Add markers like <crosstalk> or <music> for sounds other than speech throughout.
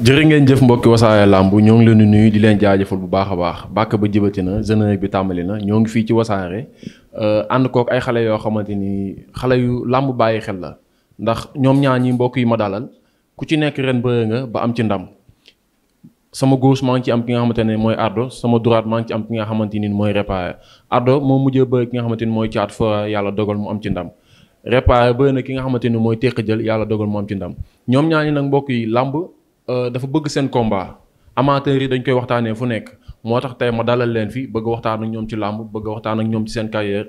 jërë ngeen jëf mbokki wasaare làmb ñoo ngi leen di nuyu di leen jaajëfal bu baax a baax bàkk ba jibati na générique bi tàmbali na ñoo fii ci wasaare euh, ànd kook ay xale yoo xamante ni xale yu làmb bàyyi xel la ndax ñoom ñaar ñi mbokk yi ma dalal ku ci nekk ren bëre nga ba am ci ndam sama gauche maa ngi ci am ki nga xamante ne mooy Ardo sama droite ngi ci am ki nga xamante ni mooy Réparé Ardo moo mujjee bëre ki nga xamante ni mooy caat fa yàlla dogal mu am ci ndam Réparé bëre na ki nga xamante ni mooy téq jël yàlla dogal mu ci ndam nag mbokk yi làmb Euh, dafa bëgg seen combat amateurs yi dañ koy waxtaanee fu nekk moo tax tey ma dalal leen fi bëgg waxtaan ak ñoom ci làmb bëgg waxtaan ñoom ci seen carrière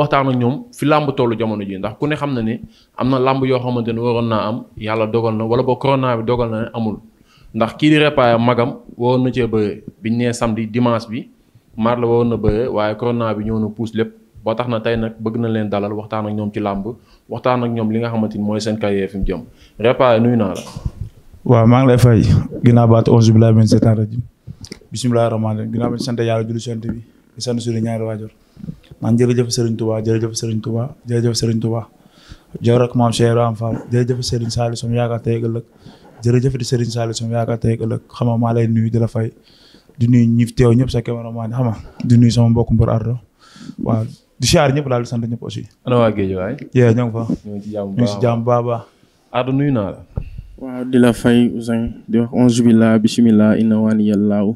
waxtaan ak ñoom fi làmb tollu jamono ji ndax ku ne xam na ne am na làmb yoo xamante ne waroon naa am yàlla dogal na wala boo corona bi dogal na amul ndax kii di Repaay magam waroon na cee bëre biñ nee samedi dimanche bi maar la waroon na bëre waaye corona bi ñëw na puus lépp boo tax na tey nag bëgg na leen dalal waxtaan ak ñoom ci làmb waxtaan ñoom li nga xamante ni mooy seen carrière fi mu jëm Repaay nuyu naa la. waaw maa ngi lay fay ginnaaw baat onze billahi min seetaan rajim bismillahi rahmaani rahim ginnaaw bañ sant yàlla julli sant bi di sant suñu ñaari waajur naan jërëjëf Serigne Touba jërëjëf Serigne Touba jërëjëf Serigne Touba jërëjëf maam Cheikh Ibrahima Fall jërëjëf Serigne Saliou sama yaakaar tey ëllëg jërëjëf di Serigne Saliou sama yaakaar tey ëllëg xam nga maa lay nuyu di la fay di nuyu ñi teew ñëpp sa cameraman xam nga di nuyu sama mbokk mbër Ardo waaw di siyaar ñëpp daal di sant ñëpp aussi. ana waa Géej waay. yee ñoo ngi fa. ñoo ngi ci jàmm bu baax ñoo ngi ci jàmm bu baax. Ardo nuyu naa la. waaw di la fay Ouzin di wax onze billah bismillah inna waani yàllaaw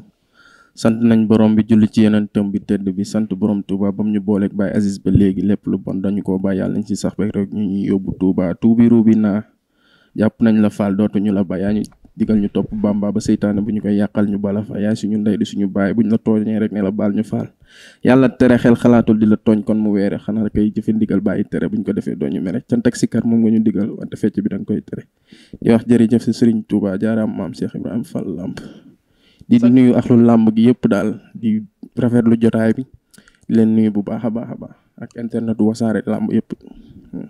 sant nañ borom bi julli ci yeneen tëm bi tëdd bi sant borom Touba ba mu ñu booleeg Baye Aziz ba léegi lépp lu bon dañu koo bàyyi yàlla nañ ci sax beeg rek ñu ñuy yóbbu Touba tuubi ruubi naa jàpp nañ la faal dootuñu la bàyyi yaa digal ñu topp bamba ba seytaane bu ñu koy yàqal ñu bala fa yaay suñu ndey di suñu baay buñ la tooñee rek ne la baal ñu faal yàlla tere xel xalaatul di la tooñ kon mu weere xanaa kay jëfe ndigal bàyyi tere buñ ko defee doo ñu mere cant ak sikar moom nga ñu digal wante fecc bi da nga koy tere di wax jërëjëf si Serigne Touba jaaraam maam Cheikh am Fall Lamp di nuyu axlu làmb gi yëpp daal di rafet lu jotaay bi di leen nuyu bu baax a baax a baax ak internet wasaare làmb yëpp. Hmm.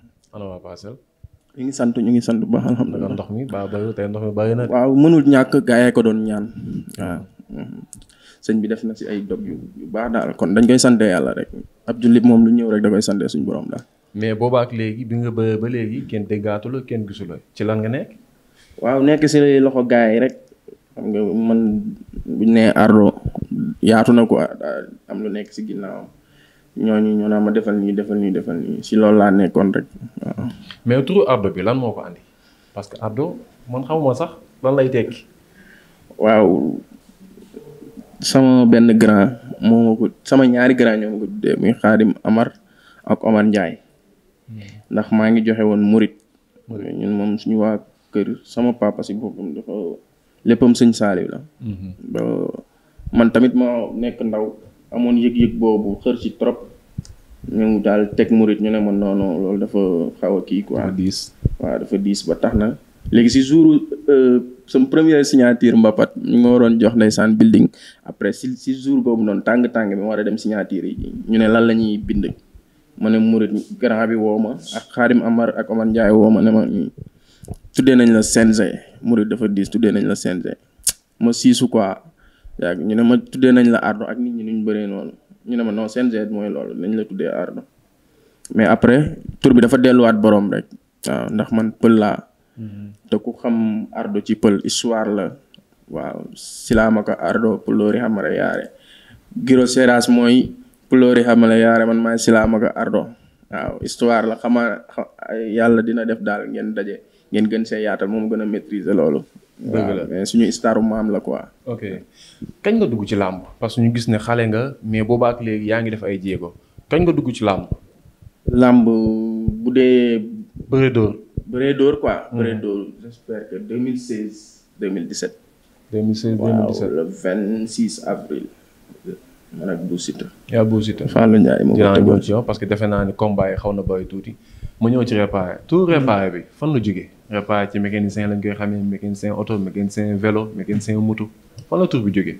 ñu ngi sant ñu ngi sant bu baax alhamdulilah. ndox mi baax na ndox mi bàyyi na. waaw mënul ñàkk gaa yi ko doon ñaan ah. waaw. bi def na si ay dog yu baax daal kon dañ koy sante yàlla rek ab jullit moom lu ñëw rek da koy sante suñu borom daal. mais boobaak léegi bi nga ba ba léegi kenn déggaatu la kenn gisu la ci lan nga nekk. waaw nekk si loxo gaa yi rek xam nga man buñ nee Ardo yaatu na ko am lu nekk si ginnaawam. ñooñu ñoo naa ma defal nii defal nii defal nii si loolu laa nekkoon rek waaw. mais turu Ardo bi lan moo ko andi parce que Ardo man xamuma sax lan lay tekki. waaw sama benn grand moo ma ko sama ñaari grand ñoo ma ko tuddee muy Xaadim Amar ak Omar Ndiaye hmm. ndax maa ngi joxe woon murit ñun moom suñu waa kër sama papa si boppam dafa léppam sëñ Saaliw la. Hmm. man tamit ma nekk ndaw. amoon yëg-yëg boobu xër ci trop ñu daal teg murit ñu ne ma non non loolu dafa xaw a kii quoi. dafa diis waaw dafa diis ba tax na. léegi si jour euh, sama première signature mbapat ñu ma waroon jox ndeysaan building après si si jour boobu noonu tàng tàng bi war a dem signature yi ñu ne lan la ñuy bind. ma ne murit grand bi woo ma ak Xaadim Amar ak Omar Ndiaye woo ma ne ma tuddee nañ la CNG murit dafa diis tuddee nañ la CNG ma siisu quoi. yàgg ñu ne ma tuddee nañ la ardo ak nit ñi nuñ bëree noonu ñu ne ma non CNG mooy loolu nañ la tuddee ardo mais après tur bi dafa delluwaat boroom rek waaw ndax man pël laa te ku xam ardo ci pël histoire la waaw silaamaka ardo puloori xamara yaare giro seras mooy puloori xamala yaare man maay silaamaka ardo waaw histoire la xama yàlla dina def daal ngeen daje ngeen gën see yaatal moom gën a maîtriser loolu dëgg la mais suñu staru maam la quoi. ok kañ nga dugg ci làmb parce que ñu gis ne xale nga mais boobaa ak léegi yaa ngi def ay jéego kañ nga dugg ci làmb. làmb bu dee. bëree dóor. bëree dóor quoi. Hmm. bëree dóor j'espère que 2016 2017. 2016 2017 ak Bou Siteu. yaa Bou Siteu. Fallou Ndiaye moo ko que defe naa ni combat yi xaw na bàyyi tuuti. ma ñëw ci réparé tout réparé mm-hmm. bi fan la jógee réparé ci mécanicien lañ koy xamee mécanicien auto mécanicien vélo mécanicien moto fan la tur bi jógee.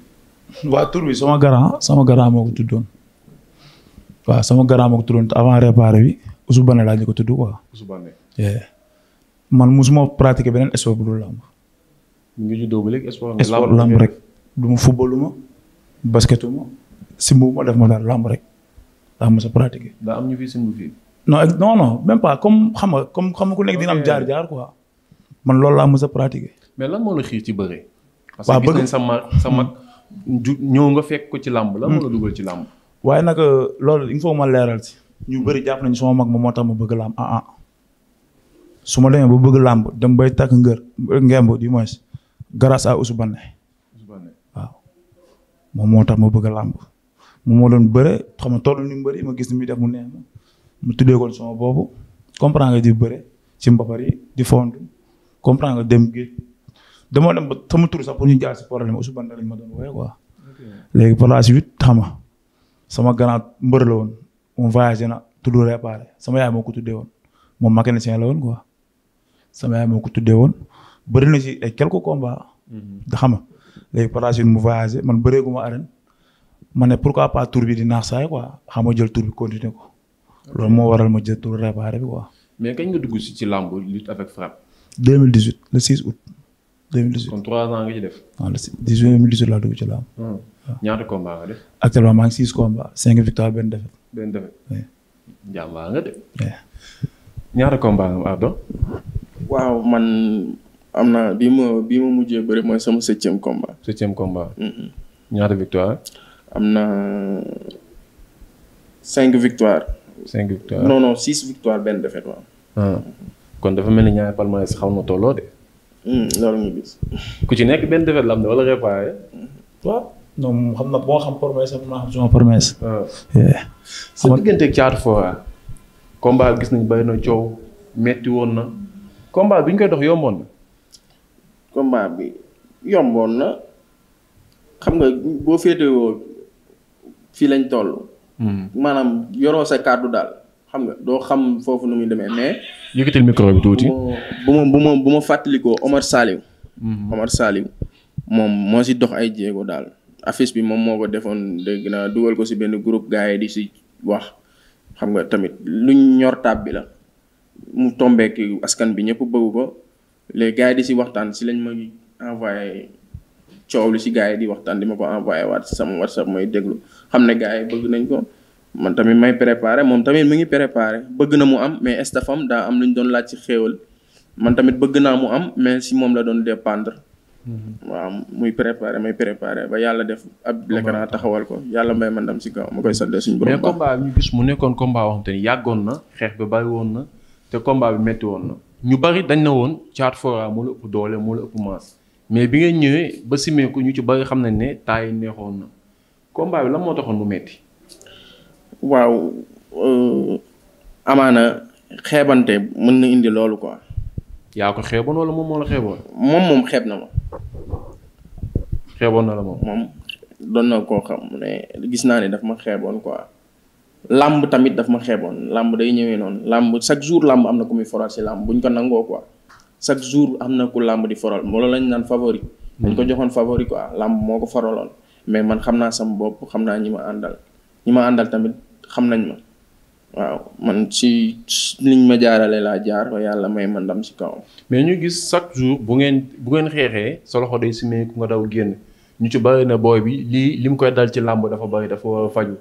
waa tur bi sama garant sama garant moo ko tuddoon waaw sama garant moo ko tuddoon avant réparé bi Ousou laa ñu ko tudd quoi. Ousou Bane. man musuma pratiquer beneen sport bu dul ñu ngi juddoo ba léegi sport làmb rek. du ma footballuma basketuma simbu ma def ma daal làmb rek làmb sa pratiquer. daa am ñu fi simbu fii. non non non même pas comme xam comme xam nga ku nekk dina am jaar jaar quoi. man loolu laa mës a pratiquer. mais lan moo la xiir ci bëre. parce que gis nañ sa mag sa ñëw nga fekk ko ci làmb. lan moo la hmm. ci làmb. waaye nag euh, loolu il faut ma leeral si. ñu bëri jàpp nañ sama mag moom moo tax ma bëgg làmb ah ah. su ma demee bëgg làmb dem bay takk ngër ngemb du moins moom moo tax ma bëgg làmb moom moo doon bëre xam nga tollu ni mu ma gis ni muy def mu neex mu tuddee koon sama boobu comprendre nga di bëre ci mbabar di fondu comprendre nga dem géej dama dem ba sama tur sax pour ñu jaar si problème aussi ban lañ ma doon wooyee quoi. léegi par la suite xam nga sama grand mbër la woon on voyagé na tudd réparé sama yaay moo ko tuddee woon moom mécanicien la woon quoi sama yaay moo ko tuddee woon bëri na si ay quelques combats. da mhm. xam léegi par mu voyagé man bëreeguma arène ma ne pourquoi pas tur bi di naax saay quoi xam nga jël tur bi ko. loolu moo waral ma jël tur réparé bi quoi. mais kañ nga dugg si ci làmb lutte avec frappe. 2018 le 6 août. 2018 kon 3 ans nga ci def. waaw ah, le 6 2018 laa dugg ci làmb. Hmm. Ah. ñaata combat nga def. actuellement maa ngi 6 combats 5 victoire benn défaite. benn défaite. jàmbaar nga de. ñaata combat nga Ardo. waaw man am na bi ma bi ma mujjee bëri mooy sama septième combat. septième combat. Mm-hmm. ñaata victoire. am na cinq victoire. cinq victoires non non six benn défaite waaw. Ah. kon dafa mel ni ñaari palmarès xaw na tolloo de. Hmm, loolu ñu gis. ku ci nekk benn défaite la am de wala réparé. xam na boo xam promesse am naa xam suma ah. gis nañu bari na coow metti woon na. combat bi koy dox yomboon na. combat na xam nga boo féetewoo fii lañ toll. Hmm. maanaam yoroo sa kàddu daal xam nga doo xam foofu nu muy demee mais. yëkkatil micro bi tuuti. bu ma bu ma bu ma fàttalikoo Omar Saliou. Hmm. Omar Saliou moom moo si dox ay jéego daal affiche bi moom moo ko defoon dégg naa dugal ko si benn groupe gars yi di si wax xam nga tamit lu ñor taab bi la mu tombeek askan bi ñëpp bëgg ko les gars di si waxtaan si lañ ma envoyé coow lu si gars yi di waxtaan di ma ko envoyé waat sama whatsapp mooy déglu. xam ne gars yi bëgg nañ ko man tamit may préparé moom tamit mi ngi préparé bëgg na mu am mais estafam daa am lu ñu doon laaj ci xéewal man tamit bëgg naa mu am mais si moom la doon dépendre. Mm-hmm. waaw muy préparé may préparé ba yàlla def ab Lékrand taxawal ko yàlla may man dam si kaw ma koy mm-hmm. sante suñu borom. mais combat bi ñu mu nekkoon combat boo yàggoon na xeex bi bari woon na te combat bi na. ñu bari dañ na woon Thiat Fora moo la ëpp doole moo la ëpp maas mais bi ngeen ñëwee ba simee ñu ci bari xam nañ ne yi neexoon combat bi lan moo taxoon mu metti waaw euh, amaana xeebante mën na indi loolu quoi. yaa ko xeeboon wala moom moo la moom moom xeeb na ma. xeeboon na la moom. moom doon na koo xam ne gis naa ne daf ma xeeboon ko làmb tamit daf ma xeeboon làmb day ñëwee noonu làmb chaque jour làmb am na ku muy foral si làmb bu ñu ko nangoo ko chaque jour am na ku làmb di foral loolu lañ naan favori. dañ ko hmm. joxoon favori quoi làmb moo ko faraloon. mais man xam naa sama bopp xam naa ñi ma àndal ñi ma àndal tamit xam nañ ma waaw man si liñ ma jaarale laa jaar yàlla may ma ndam si kawam. mais ñu gis chaque jour bu ngeen bu ngeen xeexee sa loxo simmee ku nga daw génn ñu ci bari na booy bi lii li mu koy dal ci làmb dafa bari dafa faju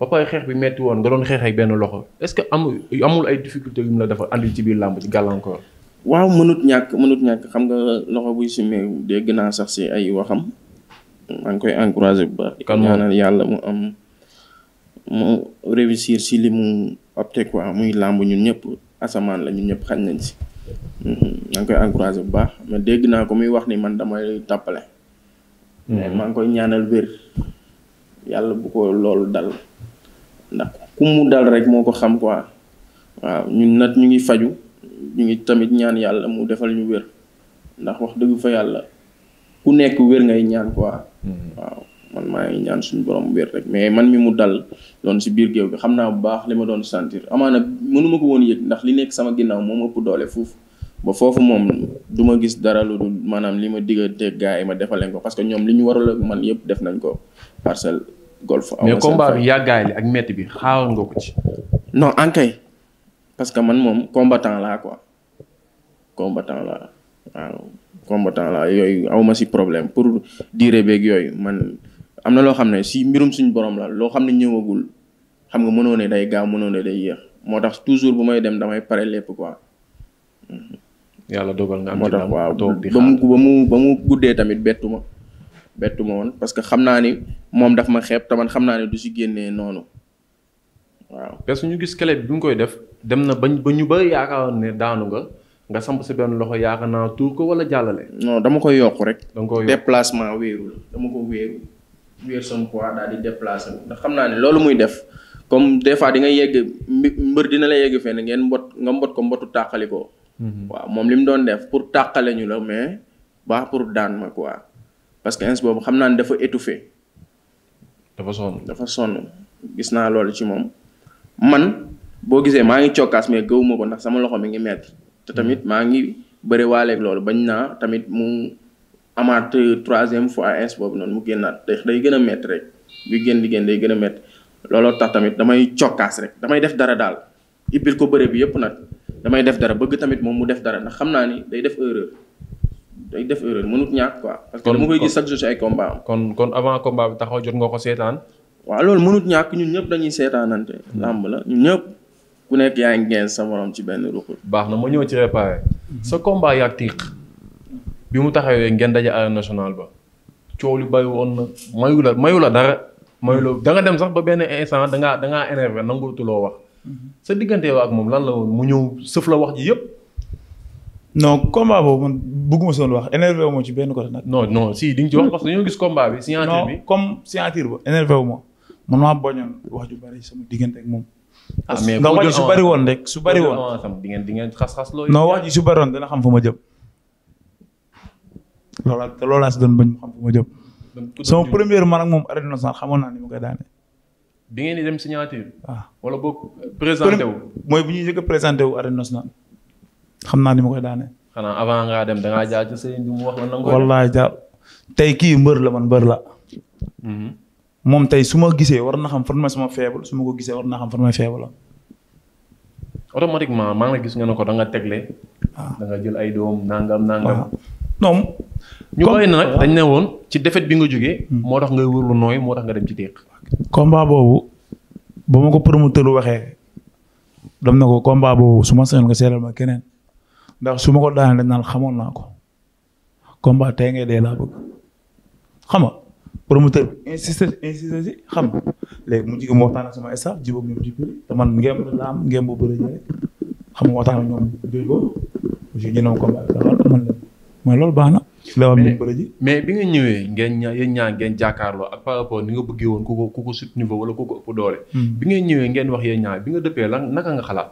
ba pare xeex bi metti woon nga doon xeexee benn loxo est-ce que amul amul ay difficulté yu mu la dafa andil ci biir làmb ci gàllankoor. waaw mënut ñàkk mënut ñàkk xam nga loxo buy simeeku dégg sax si ay waxam. maa ngi koy encouragé bu baax. kan ñaanal yàlla mu am mu réussir si li mu opté quoi muy làmb ñun ñëpp asamaan la ñun ñëpp xañ nañ si. Mm-hmm. maa koy encouragé bu baax mais dégg naa ko muy wax ni man damay tàppale. Mm-hmm. mais maa ngi koy ñaanal wér yàlla bu ko loolu dal ndax ku mu dal rek moo ko xam quoi waaw ñun nag ñu ngi faju ñu ngi tamit ñaan yàlla mu defal ñu wér ndax wax dëgg fa yàlla. ku nekk wér ngay ñaan quoi. Mm-hmm. waaw man ñaan suñu borom mais man mi mu dal doon si biir géew bi xam naa bu baax li ma doon sentir amaana mënuma ko woon yëg ndax li nekk sama ginnaaw moom ëpp doole foofu. ba foofu moom du ma gis dara lu maanaam li ma digganteeg gars yi ma defal ko parce que ñoom li ñu warul man yëpp def nañ ko parcelle golf. mais combat bi yàggaay li ak métti bi xaaroon nga ko ci. non ankay parce que man moom combattant laa quoi combattant laa waaw combattant la yooyu awma si problème pour dire beeg yooyu man am na loo xam ne si mbirum suñu borom la loo xam ne ñëwagul xam nga mënoo ne day gaaw mënoo day yéex moo tax toujours bu may dem damay pare lépp quoi. dogal nga am ci waaw ba mu ba mu ba mu guddee tamit bettu ma bettu woon parce que xam naa ni moom daf ma xeeb te man xam naa ne du si génnee noonu waaw. parce que ñu gis kele bi mu koy def dem na ba ñu ba ñu ba ne daanu nga. nga samp si benn loxo yaakaar naa tuur ko wala jàllale. non dama koy yokku rek. dama koy yokk déplacement wéeru dama ko wéeru wéer son poids daal di déplacé ndax xam naa ne loolu muy def comme des fois di nga yegg mbër dina la yegg fenn ngeen mbot nga mbot ko mbotu tàqali ko. Mhm. waaw moom li mu doon def pour tàqale ñu la mais baax pour daan ma quoi parce que ins boobu xam naa ne dafa étouffé. dafa sonn dafa sonn gis naa loolu ci moom man boo gisee maa ngi cokkaas mais gëwuma ko ndax sama loxo mi ngi metti te tamit maa ngi bëre waaleeg loolu bañ naa tamit mu amaat troisième fois ins boobu noonu mu génn génnaat day gën a métti rek bi génn di génn day gën a métti looloo tax tamit damay cokkaas rek damay def dara daal ibbil ko bëre bi yëpp nag damay def dara bëgg tamit moom mu def dara ndax xam naa ni day def erreur day def erreur mënut ñàkk quoi. parce que dama koy gis chaque jour si ay combat am. kon avant combat bi taxaw jot nga ko seetaan. waaw loolu mënut ñàkk ñun ñëpp dañuy seetaanante. Hmm. làmb la ñëpp. ku nekk yaa ngeen génn sa morom ci benn ruq. baax na ma ñëw ci réparé. sa combat yaag tiiq bi mu taxawee ngeen daje arène national ba coow li bàyyi woon na mayu la la dara. mayu la dem sax ba benn instant da ngaa da ngaa énervé nanguutuloo wax. sa diggante yow ak moom lan la woon mu ñëw sëf la wax ji yëpp. non combat boobu man bëgguma soon wax énervé wu ci benn ko nag. non non si di ci wax parce que dañoo gis combat bi. signature bi non comme signature ba. énervé wu ma man maa wax ju bari sama diggante ak moom. ah mais ndax wax ji su bari woon rek su bari woon. di ngeen di ngeen xas-xas looy. non wax ji su bari woon dana xam fu ma jëm. loolaa te loolaa si doon bañ xam fu ma jëm. sama première man ak moom arrêté na sax xamoon na ni koy daane. bi ngeen di dem signature. waaw ah. wala boog présenté mooy bu ñuy njëkk a présenté wu arène nationale. xam naa ni ma koy daane. xanaa avant ngaa dem da ngaa jaar ci sëriñ bi mu tey kii mbër la man mbër la. Mhm. moom tey su ma gisee war na xam fan ma sama faible su ma ko gisee war na xam fan may faible la. automatiquement maa ngi la gis nga ne ko danga tegle. waaw ah. da jël ay doom nangam nangam. Ah. non. ñu bàyyi dañ ne woon ci défaite bi nga jógee. Hmm. moo tax ngay wër nooy moo tax nga dem ci déq. combat boobu ba ma ko mu promoteur waxee dam na ko combat boobu su ma sañoon nga seetal ma keneen ndax su ma ko daanee dañ naan xamoon naa ko combat tey ngay dee laa bëgg xam promoteur bi insisté insisté si xam nga léegi mu jigéen mu waxtaan ak sama staff jubóog ñoom di bëri te man ngeen la am ngeen boo bëri ñëwee xam nga waxtaan ak ñoom jooju ko ko man loolu baax na. la am bëri ji mais bi nga ñëwee ngeen ña yéen ñaa ngeen jàkkaarloo ak par rapport ni nga bëggee woon ku ko ku ko sut niveau wala ku ko ëpp doole. Hmm. bi nga ñëwee ngeen wax yéen ñaa bi nga dëppee lan naka nga xalaat.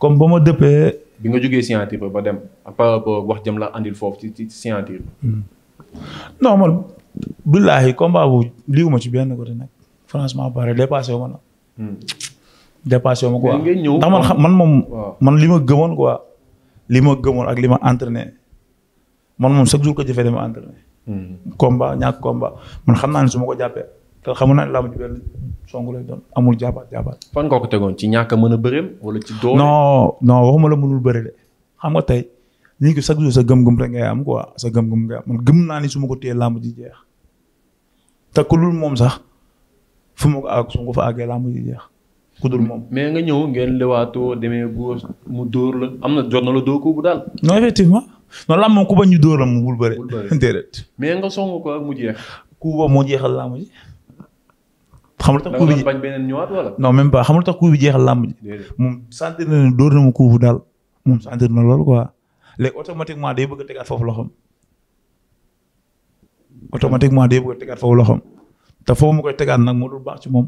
comme ba ma dëppee. bi nga jógee scientifique ba dem par rapport wax jëm la andil foofu ci ci scientifique. Hmm. non man billaahi combat bu liiwuma ci benn côté nag franchement pare dépassé wu ma na. Hmm. dépassé wu ma ndax man moom. man li ma gëmoon quoi. li ma gëmoon ak li ma entraîné man moom chaque jour ko jëfee dama entraîné. Hmm. combat ñàkk combat man xam naa ni su ma ko jàppee te xamu naa ne làmb ji benn song lay doon amul jàppaat jàppaat. fan nga ko tegoon ci ñàkk mën a bëreem wala ci doole. non non waxuma la mënul bari de xam nga tey nit ki chaque jour sa gëm-gëm rek ngay am quoi sa gëm-gëm ngay am man gëm naa ni suma ko téye làmb ji jeex te ku dul moom sax fu ma ko àgg su fa àggee làmb ji jeex ku dul moom. mais nga ñëw ngeen lewaatoo demee góor mu dóor la am na jot doo ko bu daal. non effectivement non làmb moom ku bañ <laughs> mais nga song ko ak mu jeex. ku boobu moo jeexal làmb ji. xamul tax ku beneen ñëwaat wala. non même pas tax ku bi jeexal làmb ji. moom sentir na ne dóor na mu kuufu daal moom sentir na loolu quoi. léegi automatiquement day bëgg a tegaat foofu loxoom automatiquement day bëgg a tegaat foofu loxoom te foofu ma koy tegaat nag moo dul baax ci moom.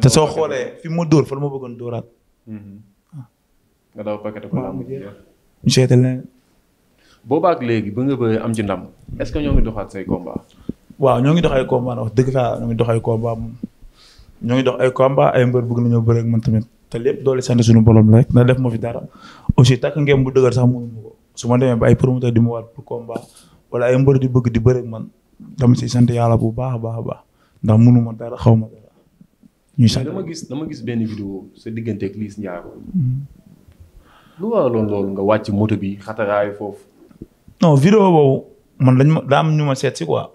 te soo xoolee fi mu ma dóor fa la ma bëggoon dóoraat. Mhm. Ah. nga daw paquet ko am léegi ba nga bëgg am ci ndam est-ce que ñoo ngi doxaat say combat. waaw ñoo ngi dox ay combat wax dëgg faa a dox ay combat ñoo ngi dox ay combat ay mbër bugg nañoo bëre ak man tamit te lépp doole sant suñu borom rek na def ma fi dara aussi takk ngeen bu dëgër sax moom su ma demee ba ay promoteur di ma waat pour baax wala ay mbër di bëgg di bëre man dama si sant yàlla bu baax baax a baax ndax mënu ma dara xaw ma dara. ñu sant dama gis dama gis benn vidéo sa diggante ak Liss Ndiago. Hmm. nga wàcc moto bi xataraay foofu. non vidéo boobu man dañ ma daa ñu ma seet si quoi.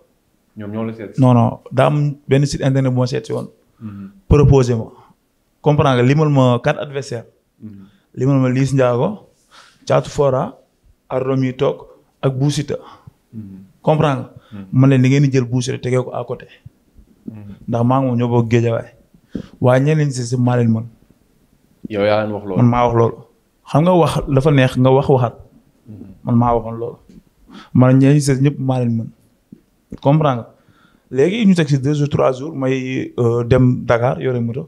ñoom ñoo la seet si. non benn site internet bu ma seet si woon. Hmm. proposé ma. comprendre limal ma quatre adversaires. Hmm. limal ma Liss Ndiago Thiatou Fora arrom yi toog ak buusita mm-hmm. comprendre mm-hmm. man leen li ngeen di jël buusita tegee ko côté mm-hmm. ndax maa ngi moom ñoo bokk géejawaay waaye ñeneen si si maa leen man yow man maa wax loolu xam nga wax dafa neex nga wax waxaat man maa waxoon loolu man ñeneen si ñëpp maa leen mën comprendre léegi ñu teg si deux ou trois jours may euh, dem Dakar yore moto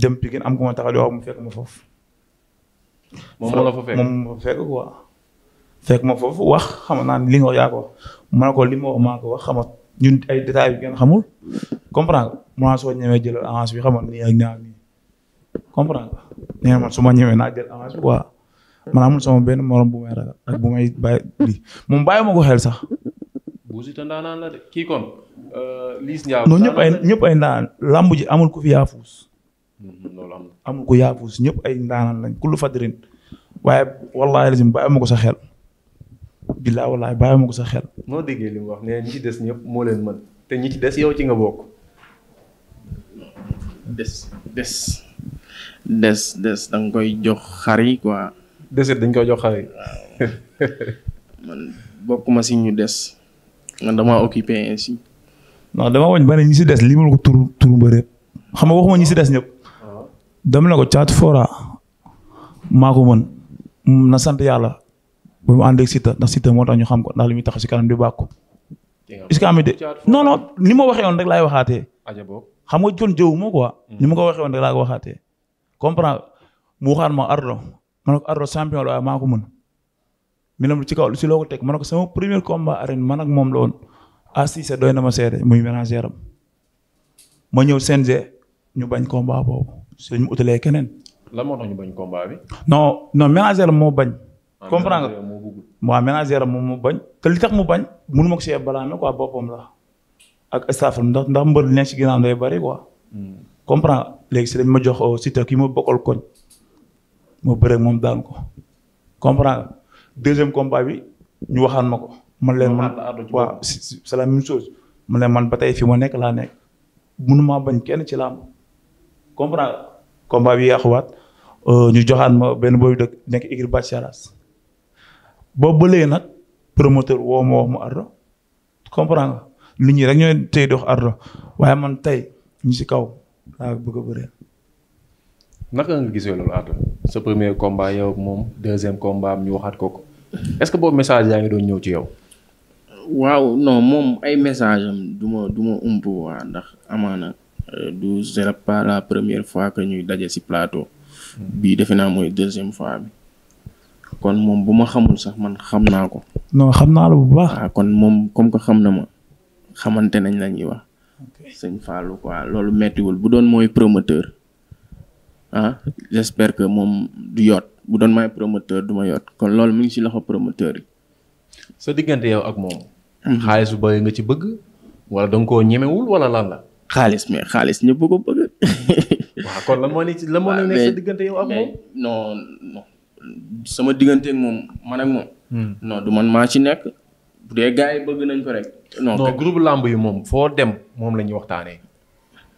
dem Pikine am ku ma taxaw xam mu fekk ma foofu. moom fekk moom fekk ma foofu wax xam naa li nga ma li ma wax maa ko ñun ay détails yu ngeen xamul comprendre nga ma soo xam nga nii ak su ma ñëwee naa jël avance bi quoi benn morom bu may ragal ak bu may moom bàyyi ma ko xel sax. Bouzy te ndaanaan la de kii kon. Euh, Liss Ndiago ñëpp ay ñëpp ay ndaanaan ji amul ku fi yaafuus. Hmm, loolu amul amul ku ñëpp ay ndaanaan lañ ku lu fadrin waaye wallaahi lazim bàyyi ma ko sa xel. billaa walaay bàyyi ko sa xel. moo déggee lim mu wax ne ñi ci des ñëpp moo leen mën te ñi ci des yow ci nga bokk. des des. des des koy jox xar yi quoi. desit dañ koy jox xar man bokkuma si ñu des. man damaa occupé ainsi. non dama wañ ba ñi si des limal ko tur turu mbëre xam nga waxuma ñi si des ñëpp. Ah. dama ne ko caatu fora maa ko mën na sant yàlla bu mu ànd ak Siteu ndax Siteu moo tax ñu xam ko ndax li muy taxaw si kanam di ma waxee mm. ni ma ko waxee woon rek laa ko waxaatee. comprendre mu waxaan ma Ardo ma ne ko maa ko mën. mi ne ci kaw si loo ko teg ma ko sama premier combat arène man ak moom la woon. Assise ah, doy na ma seede muy manager am ma ñëw CNG ñu bañ combat boobu si ñu utalee keneen. lan moo tax ñu non non manager am moo bañ. comprendre nga waaw ménagère moom mu bañ te li tax mu bañ mënu ma ko see balaame quoi boppam la ak staffam ndax ndax mbër li nekk si ginnaaw day bari ko hmm. comprendre léegi si ma jox euh, ki ma bokkal koñ ma moom daan ko comprendre deuxième combat bi ñu waxaan ma ko man leen man waaw c'est la même chose man ba tey fi ma nekk laa nekk mënumaa bañ kenn ci làmb comprendre combat bi yàquwaat euh, ñu joxaan ma benn boobu dëkk nekk igri bâc saras boo bëlee nag promoteur woo ma mu Ardo comprendre nga nit rek ñooy tey dox Ardo waaye man tey si kaw laa bëgg a bëree. naka gisee loolu Ardo sa premier combat yow moom deuxième combat am ñu waxaat ko ko est-ce que boobu message yaa ngi doon ñëw ci yow. waaw non moom ay message am du ma du ma ump waa ndax amaana euh, du c'est pas la première fois que ñuy daje si plateau. Hmm. bii defe naa mooy deuxième fois bi. kon moom bu ma xamul sax man xam naa ko. non xam naa la bu baax. waaw ah, kon moom comme que xam na ma xamante nañ la ñuy wax. sëñ Fallou quoi loolu méttiwul bu doon mooy promoteur ah j' espère que moom du yoot bu doon mooy promoteur du ma yoot kon loolu mu ngi ci loxo promoteur yi. sa diggante yow ak moom. Mhm. xaalis bu bëri nga ci bëgg. wala da nga wala lan la. xaalis mais xaalis ñëpp ko bëgg. moo ne <laughs> ah, sa diggante yow ak moom. non sama digganteeg moom man ak moom. Hmm. non du man maa ci nekk bu dee gars yi bëgg nañ ko rek. non groupe làmb yi moom foo dem moom la ñuy waxtaanee.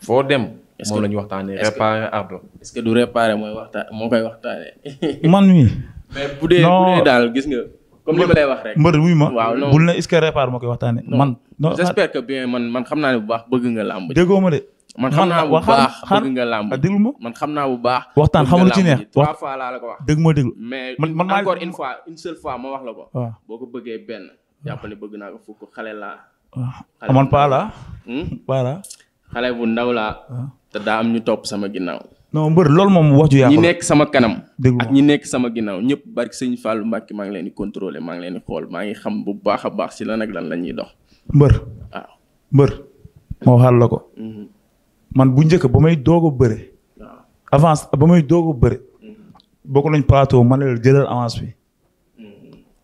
foo dem. est moom la ñuy waxtaanee réparé Ardo. est-ce que du mooy waxtaan moo koy waxtaanee. <laughs> man mii. mais bu dee bu dee daal gis nga. comme li ma lay wax rek mbër wuy ma waaw non bul ne est-ce que moo koy waxtaanee. man non que bien man man xam naa ne bu baax bëgg nga làmb. déggoo ma de. man xam naa bu baax bëgg nga làmb ah, déglu ma man xam naa bu baax. waxtaan xamul ci neex trois fois laa la ko wax. dégg ma déglu mais man naa une fois une seule fois ma wax la ko. waaw boo ko bëggee benn. jàpp bëgg naa ko fukk laa. waaw man paa laa. Hmm? paa bu ndaw laa. te daa am ñu topp sama ginnaaw. non mbër loolu moom wax ju yàqu ñi nekk sama kanam. ak ñi nekk sama ginnaaw ñëpp barki sëñ Fallou Mbacke maa ngi leen di contrôler maa ngi leen di xool maa ngi xam bu baax a baax si la nag lan la ñuy dox. mbër. waaw mbër. ma waxal la ko. Hmm. man bu njëkk ba may doog a bëre. avance ba may doog a bëre. Mm-hmm. bokk nañ plateau man la jëlal avance bi. Mm-hmm.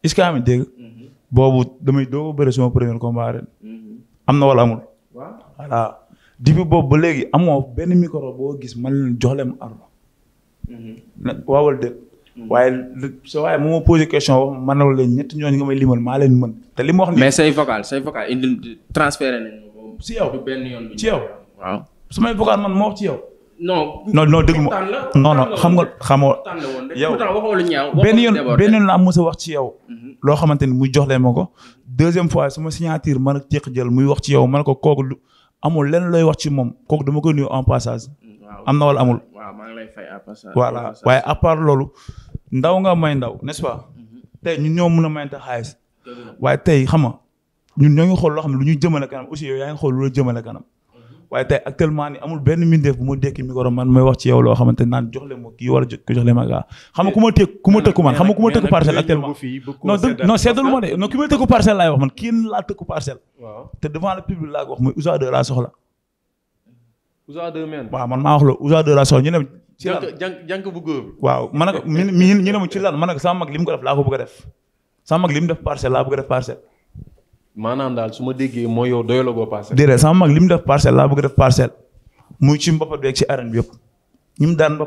est que am dégg. Mm-hmm. boobu damay doog a bëre suma premier combat am na wala amul. voilà depuis boobu ba léegi amoo benn micro boo gis man jox leen arme. na waawal dëgg. waaye sa waaye moo question man la leen ñetti ñooñu nga may limal maa leen mën te li ma wax. mais say vocal say vocal indi transféré nañ ko. si yow ci yow su may bokkaan man moo wax ci yow. non non non dégg ma non non xam nga xamoo yow benn yoon benn yoon la am mos a wax ci yow. Mhm. loo xamante ni muy jox leen ma ko. deuxième fois sama signature man ak Teq jël muy wax ci yow man ko kooku amul lenn looy wax ci moom kooku dama koy nuyu en passage. am na wal amul. waaw maa ngi lay fay voilà waaye à loolu. ndaw nga may ndaw n'est-ce pas. Mhm. tey ñun ñoo mën a mayante xaalis. waaye tey xam nga ñun ñoo ngi xool loo xam lu ñuy jëmale kanam aussi yow yaa ngi xool lu la jëmale kanam. waaye tey actuellement ni amul benn mbindeef bu ma dékki micro man may wax loo xamante naan jox leen ma kii wala ku jox leen ma gaa xam nga ku ma tëkk ku ma tëkku man xam nga ku ma tëkku parcelle actuellement non de non ki tëkku parcelle laay wax man kii laa tëkku parcelle ko waaw man maa wax la Ousa 2 laa soxla ñu ne ci lan man ne sama mag li mu ko def laa ko bëgg a def sama mag li mu def parcelle laa bëgg def parcelle maanaam daal su ma déggee mooy yow doyaloo boo déedéet sama mag li mu def parcelle laa bëgg def parcelle muy ci mbapat bi mu daan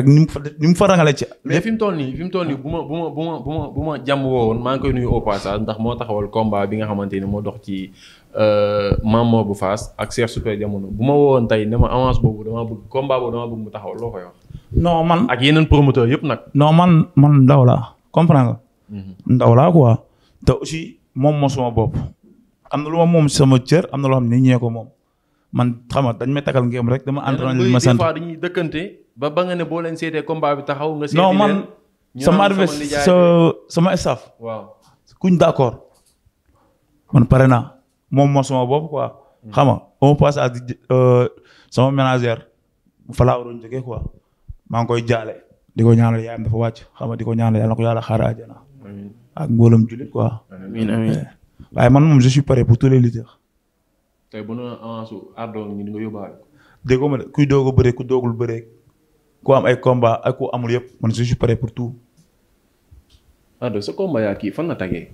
ak ni mu ci. mais fi mu toll nii fi mu toll nii bu ma bu ma bu ma bu ma bu ma jàmm woowoon maa ngi koy nuyu au passage ndax moo moo dox ci euh, Mamor bu Faas ak Cheikh Super jamono bu ma woowoon tey ne ma avance boobu damaa bëgg combat boobu damaa loo koy wax. non man ak yeneen promoteur yëpp nag. non man man ndaw laa comprendre nga. Mhm. te aussi. moom moo sama bopp am na lu ma moom sama cër am na loo xam ne ñee ko moom man xam dañ may takkal ngéem rek dama entraîné li ma sant dañuy dëkkante ba ba nga ne boo leen seetee combat bi taxaw nga seeti non man sama adversaire sa sama staff waaw kuñ d'accord man pare naa moom moo sama bopp quoi xam nga au passage euh, sama ménagère fa laa waroon jógee quoi maa ngi koy jaale di ko ñaanal yaayam dafa wàcc xam nga di ko ñaanal yàlla na ko yàlla xaare àjjana ak mboolam jullit quoi amiin amiin eh. waaye man moom je suis pour tous les lutteurs. tey bu noonu avance Ardo ñu nga yóbbaale. déggoo ma de kuy doog a bëree ku doogul bëree ku am ay combat ak ku amul yëpp man je suis pour tout. Ardo sa combat yaa kii fan la tagee.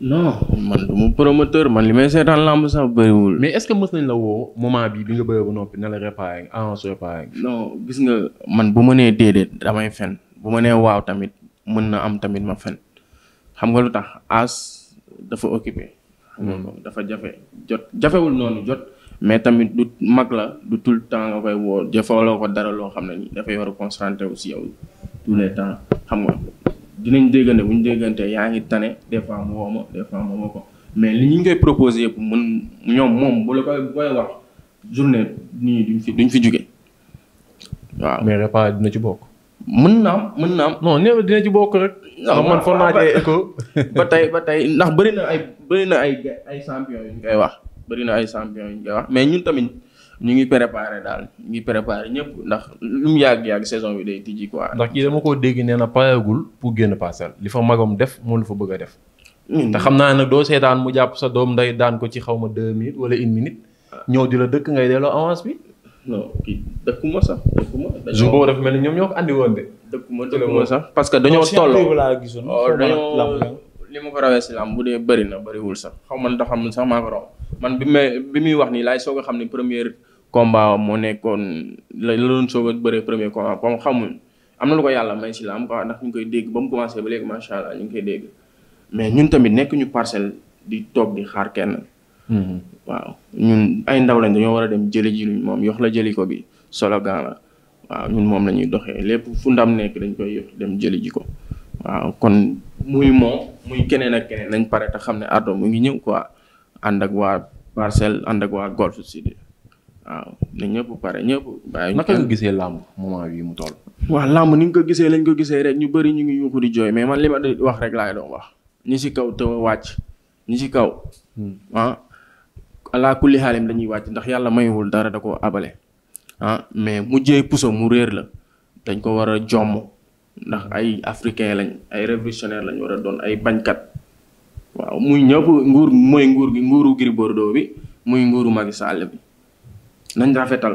non man du mu promoteur man li may seetaan lamb sax bëriwul. mais est-ce que mës nañ la woo moment bi bi nga bëree ba noppi na la réparé avance réparé. non gis nga man bu ma nee déedéet damay fen bu ma nee waaw tamit mën na am tamit ma xam nga lu tax as dafa occupé. dafa jafe jot jafewul noonu jot. mais tamit du mag la du tout le temps nga koy woo jëfaloo ko dara loo xam ne dafay war a concentré aussi yow temps xam nga dinañ déggante bu ñu déggante yaa ngi tane des fois mu woo ko mais li ñu ngi koy proposé yëpp mën ñoom moom bu la koy koy wax nii duñ fi duñ fi jóge waaw. mais repas dina ci bokk. mën na am mën na am. non néew dina ci bokk rek. man foog naa <laughs> ba tey ba tey ndax bëri na ay bëri na ay ay champion yu ñu wax bëri na ay champion yu ñu wax mais ñun tamit ñu ngi préparé daal ñu ngi préparé ñëpp ndax lu mu yàgg yàgg saison bi day tijji koi ndax kii dama koo dégg nee na pareegul pour génn parcelle li fa magam def moom lu fa bëgg a def. te xam naa nag doo seetaan mu jàpp sa doom nday daan ko ci xaw ma deux mil wala une minute. Ah. ñëw di la dëkk ngay delloo avance bi. non kii dëkkuma sax dëkkuma. dañoo boobu dafa mel ni ñoom ñoo ko andi woon de. dëkkuma dëkkuma sax parce que dañoo toll. Oh, dañoo li ma ko rawee si làmb bu dee bëri na bëriwul sax xaw man ndax xam sax maa ko raw man bi may bi muy wax nii laay soo a xam ne première combat moo nekkoon la la doon soog a bëree premier combat comme xamuñ am na lu ko yàlla may si làmb quoi ndax ñu koy dégg ba mu commencé ba léegi macha allah ñu ngi koy dégg mais ñun tamit nekk ñu parcelle di toog di xaar kenn. Mm-hmm. waaw ñun ay ndaw lañ dañoo war a dem jëli ji luñ moom yox la jëli ko bi solo la waaw ñun moom la ñuy doxee lépp fu ndam nekk dañ koy yox dem jëli ji ko waaw kon muy moom muy keneen ak keneen nañ pare te xam ne Ardo mu ngi ñëw quoi ànd ak waa Parcelles ànd ak waa Golf Sud waaw na ñëpp pare ñëpp. waaye naka gisee làmb moment bii mu toll. waa làmb ni ñu ko gisee lañ ko gisee rek ñu bari ñu ngi yuuxu di jooy mais man li ma wax rek laay doon wax ñi si kaw te wàcc ñi si kaw. Hmm. Ah, alaa kulli xaalim dañuy wàcc ndax yàlla mayuwul dara da ko abale ah mais mujjee puso mu réer la dañ ko war a jomm ndax ay africain lañ ay révolutionnaire lañ war a doon ay bañkat waaw muy ñëpp nguur mooy nguur gi nguuru Gris Bordeaux bi muy nguuru Macky Sall bi nañ rafetal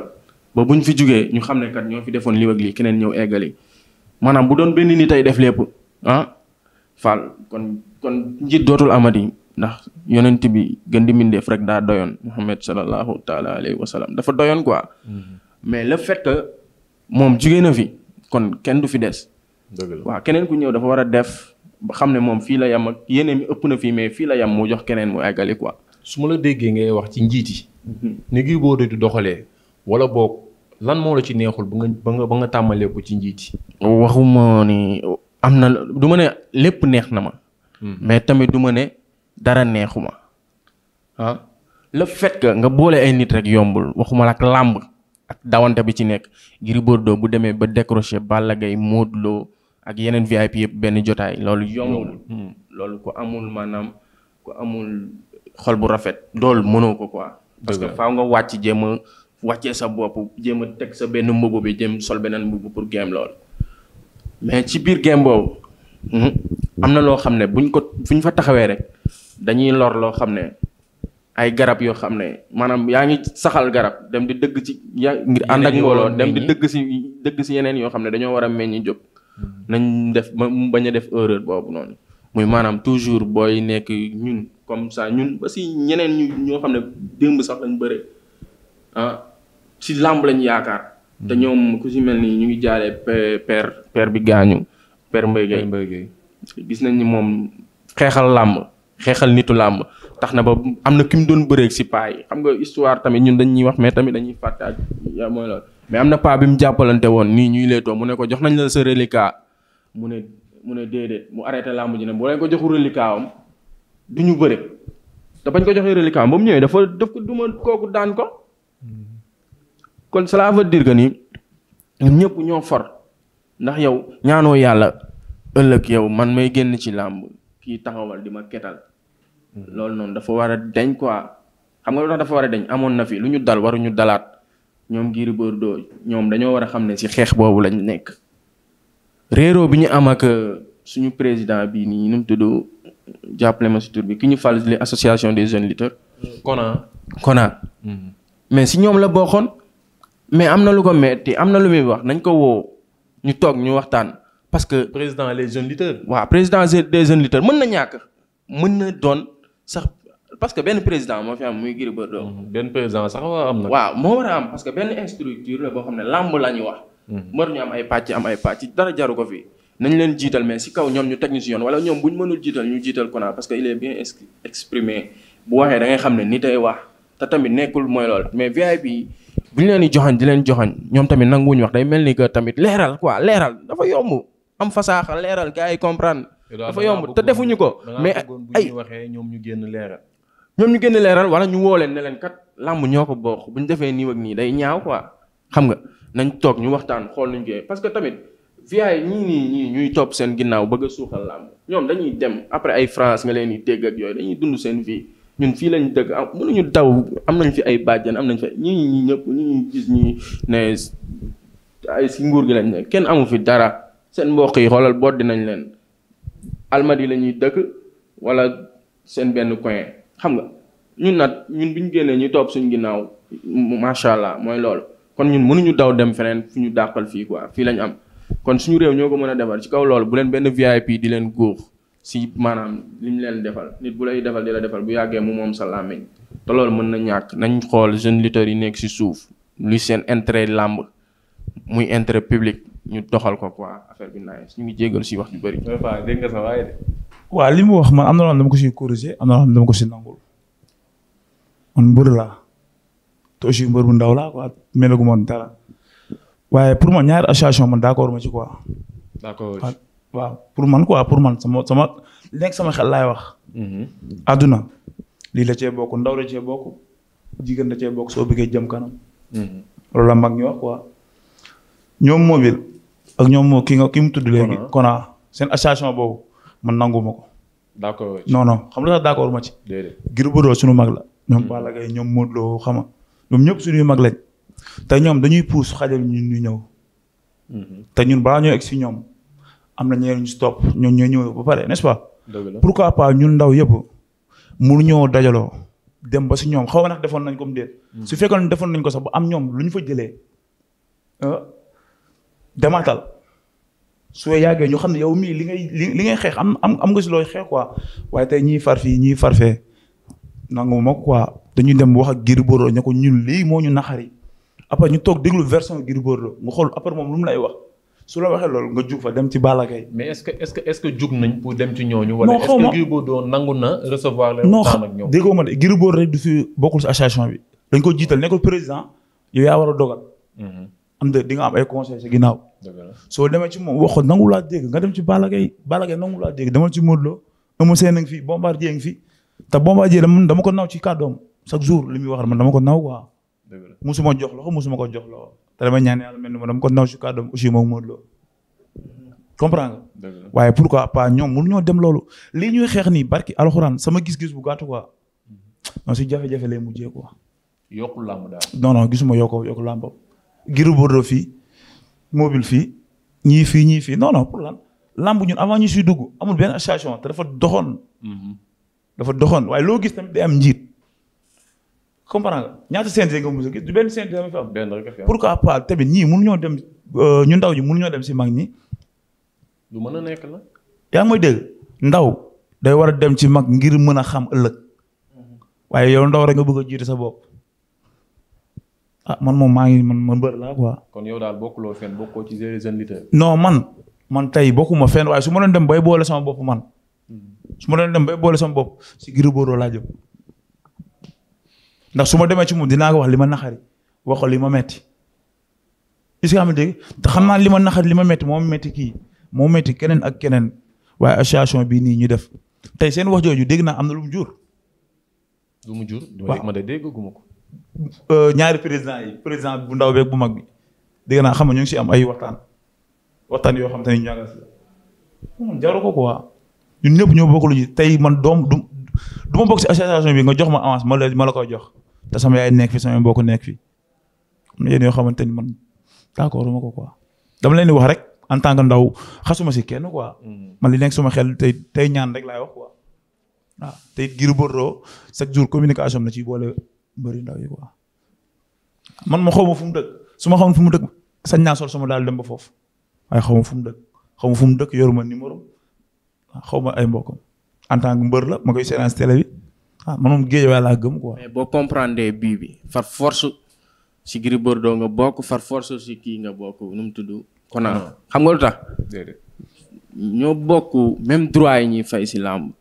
ba buñ fi jógee ñu xam ne kat ñoo fi defoon li ak lii keneen ñëw eggali maanaam bu doon benn nit tey def lépp ah Fall kon kon njiit dootul amati ndax yonent bi gën di rek daa doyoon Muhammad sallallahu taala alayhi wa dafa doyoon quoi. Mm-hmm. mais la fekk moom jugee na fi kon kenn du fi des. waa keneen ku ñëw dafa war a def ba xam ne moom fii la yem ak yeneen mi ëpp na fii mais fii la yem mu jox keneen mu eggali quoi. su ma la déggee ngay wax ci njiit yi. Mm-hmm. ni Gris Bordeaux di doxalee wala boog lan moo la ci neexul ba nga ba nga tàmbalee ko ci njiit yi. waxuma ni am na du ma ne lépp neex na ma. Mm-hmm. mais dara neexuma ah le fait nga boole ay nit rek yombul waxuma lak làmb ak dawante bi ci nekk Gris Bordeaux bu demee ba décroché Balla Gaye Modou ak yeneen VIP yëpp benn jotaay loolu yombul. Hmm. loolu ku amul maanaam ku amul xol bu rafet. loolu mënoo ko quoi. parce que faaw nga wàcc jéem a wàccee sa bopp jéem a teg sa benn mbubu bi jëm sol beneen mbubu pour game loolu. mais ci biir game boobu hmm, am na loo xam ne buñ ko ñu fa taxawee rek dañuy lor loo xam ne ay garab yoo xam ne maanaam yaa ngi saxal garab dem di dëgg ci ya ngir ànd ak mbooloo dem di dëgg si dëgg si yeneen yoo xam ne dañoo war a meññi jóg hmm. nañ def bañ a def erreur boobu noonu muy maanaam toujours booy nekk ñun comme ça ñun ba si ñeneen ñu ñoo xam ne démb sax lañ bëre ah si làmb lañu yaakaar hmm. te ñoom ku si mel ni ñu ngi jaaree père père bi gaañu père Mbaye Gueye gis nañ ni moom xeexal làmb xeexal nitu làmb tax na ba am na ki mu doon bëreeg si paa yi xam nga histoire tamit ñun dañuy wax mais tamit dañuy fàtte ak mooy loolu mais am na paa bi mu jàppalante woon nii ñuy leetoo mu ne ko jox nañ la sa reliquat mu ne mu ne déedéet mu arrêté làmb ji ne bu leen ko joxul reliquat du ñu bëre te bañ ko joxee reliquat am ba mu ñëwee dafa daf ko duma kooku daan ko kon cela veut dire que ni ñun ñëpp ñoo for ndax yow ñaanoo yàlla ëllëg yow man may génn ci làmb kii taxawal di ma ketal. Hmm. loolu noonu dafa war a deñ quoi xam nga lu tax dafa war a dañ amoon na fi lu ñu dal waruñu dalaat ñoom Gris Bordeaux ñoom dañoo war a xam ne si xeex boobu lañu nekk. réeroo bi ñu am ak euh, suñu président bi nii nu mu tudd jàppale ma si tur bi ki ñu fal li association des jeunes lutteurs. Kona Kona. Hmm. mais si ñoom la boxoon mais am na lu ko metti am na lu muy wax nañ ko woo ñu toog ñu waxtaan. parce que président les jeunes lutteurs. waaw président des jeunes lutteurs mën na ñàkk mën na doon sax parce que benn président moo fi am muy Gris Bordeaux. Mm-hmm. benn président sax waa am na. waaw moo war a am parce que benn structure la boo xam ne làmb la ñu wax. Mm-hmm. war ñu am ay pàcc am ay pàcc dara jaru ko fi. nañ leen jiital mais si kaw ñoom ñu teg ñu si yoon wala ñoom bu ñu mënul jiital ñu jiital ko naa parce que il e bien exprimé bu waxee da xam ne ni tey wax te tamit nekkul mooy lool mais VIP bi bu leen di joxañ di leen joxañ ñoom tamit nanguwuñu wax day mel ni que tamit leeral quoi leeral dafa yomb. am fasaaxa leeral gars yi comprendre. dafa yomb te defuñu ko. mais ay waxee ñoom ñu génn leeral. ñoom ñu génn leeral wala ñu woo leen ne leen kat làmb ñoo ko bokk bu ñu defee nii ak nii day ñaaw quoi xam nga nañ toog ñu waxtaan xool nañ koy parce que tamit via yi ñii ñii ñuy topp seen ginnaaw bëgg suuxal làmb dañuy dem après ay France nga leen di dégg ak yooyu dañuy dund seen vie ñun fii lañ dëgg ah mënuñu daw am nañ fi ay bàjjan am nañ fi ñii ñii ñëpp ñu gis ñii ne ay si nguur gi lañ kenn amu fi dara. seen mbokk yi xoolal boot dinañ leen almadi la ñuy dëkk wala seen benn coin xam nga ñun nag ñun bi ñu génnee ñu topp suñu ginnaaw macha allah mooy loolu kon ñun mënuñu daw dem feneen fu ñu dàqal fii quoi fii lañ am kon suñu réew ñoo ko mën a defar ci kaw loolu bu leen benn VIP di leen góor si maanaam li ñu leen defal nit bu lay defal di la defal bu yàggee mu moom sa làmmiñ te loolu mën na ñàkk nañ xool jeunes lutteurs yi nekk si suuf luy seen intérêt làmb muy intérêt public ñu doxal ko quoi affaire bi naaj ñu ngi jégal si wax ju bëri. waaw waaye de. waa li mu wax man am na loo xam ne ko siy corriger am na ko si nangul man mbër laa mbër bu ndaw laa quoi melagu ma dara waaye pour man ñaari association man d'accord ma ci quoi. d'accord ah, waaw pour man quoi pour man sama sama nekk sama xel laay wax. àdduna mm-hmm. lii la cee bokk ndaw la cee bokk jigéen la cee bokk soo bëggee jëm kanam. Mm-hmm. loolu la mag ñu wax quoi ñoom mobile. ak ñoom ki nga ki mu tudd léegi. Kona seen association boobu ma nanguma ko. d' accord non non xam nga sax d' ma ci. déedéet Gris Bordeaux suñu mag la. ñoom mm. Balla Gaye ñoom Modou ñëpp suñuy mag lañ. te ñoom dañuy puus xajal ñun ñu ñëw. Mm-hmm. te ñun balaa ñoo si ñoom am na ñeneen ñu stop ñoom ñoo ñëw ba pare n' est ce pas. pourquoi ñun ndaw yëpp mu ñoo dajaloo dem ba si ñoom xaw ma nag defoon mm. defoon nañ ko sax ba am ñoom lu ñu fa jëlee ah, demaatal su yàggee ñoo xam ne yow mii li ngay li ngay xeex am am nga si looy xeex quoi waaye tey ñii far fii ñii far fee nangu ma quoi dañuy dem wax ak Gris Bordeaux ne ko ñun lii moo ñu naxar naxari après ñu toog déglu version Gris Bordeaux nga xool après moom lu mu lay wax su la waxee loolu nga jug fa dem ci Balla Gaye mais est-ce que est-ce que est-ce que jug nañ pour dem ci ñooñu. wala est-ce que Gris nangu na recevoir leen. waxtaan ak ñoom non déggoo ma de Gris Bordeaux rek du fi bokkul si association bi. dañ ko jiital ne ko président yow war a dogal. Mm-hmm. am de di nga am ay conseil ci ginnaaw. soo demee ci moom waxoon nangu laa dégg nga dem ci Balla Gaye Balla Gaye nangu laa dégg demal ci Modou Lo. Eumeu Sène a ngi fi Bombardier a fi te Bombardier dama dama ko naw ci kàddoom chaque jour li muy wax man dama ko naw quoi. dëgg la musuma jox loxo musuma ko jox loxo te dama ñaan yàlla mel ni ma dama ko naw ci kàddoom aussi moom Modou Lo. comprendre nga. waaye pourquoi pas ñoom mënuñoo dem loolu lii ñuy xeex nii barki alxuraan sama gis-gis bu gàtt quoi. Mhm. non si jafe-jafe lay mujjee quoi. yokku làmb daal non non gisuma yokku yokku làmb Gris Bordeaux fii mobile fii ñii fii ñii fii non non pour lan lamb ñun avant ñu siy dugg amul benn association te dafa doxoon. Mhm. dafa doxoon waaye loo gis tamit day am njiit. comprendre nga ñaata CNG nga mos a gis du benn CNG nga fi am. benn rek tamit ñii mënuñoo dem euh, ñu ndaw ñi mënuñoo dem si mag ñi. lu mën a nekk la. yaa ngi may dégg ndaw day war a dem ci mag ngir mën a xam ëllëg. Mhm. waaye yow ndaw rek nga bëgg a jiit sa bopp. ah man moom maa ngi man man mbër laa quoi. kon yow daal bokkuloo fenn bokkoo ci jeune lutteur. non man man tey bokkuma fenn waaye su ma doon dem bay boole sama bopp man hmm. su ma doon dem bay boole sama bopp si Gris Bordeaux laa su ma demee ci moom dinaa ko wax li ma naxari wax ko li ma metti est ce que xam te xam naa li ma naxari li ma metti moo metti kii moo metti keneen ak keneen waaye association bii nii ñu def tey seen wax jooju dégg naa am na lu mu jur. lu mu jur. waaw ma de dégg guma ko. Euh, ñaari président yi président bu ndaw beeg bu mag bi dégg naa xam nga ñu ngi si am ay waxtaan waxtaan yoo xam te ne ñu ñun ñëpp ñoo bokk tey man doom du du ma bokk si nga jox ma avance ma la ma la koy jox te sama yaay nekk fi sama nekk fi am na yéen yoo xamante ni man d'accord ma leen di wax rek en tant que ndaw xasuma si kenn quoi. Hmm. man li nekk suma xel tey tey ñaan rek laay wax quoi waaw tey Gris Bordeaux chaque jour communication na ci boole. mbëri ndaw yi quoi. man ma xaw ma fu mu dëkk su ma xamoon fu mu dëkk sañ naa sol sama daal dem ba foofu waaye xaw ma fu mu dëkk xaw ma fu mu dëkk yoruma numéro ah, xaw ma ay mbokkam en tant que mbër la ma koy séance télé bi ah man moom géej laa gëm quoi. mais boo comprendre bii bi far force si Gris Bordeaux nga bokk far force si kii nga bokk nu mu tudd. Kona xam nga lu tax. ñoo bokk même droit yi ñuy fay si làmb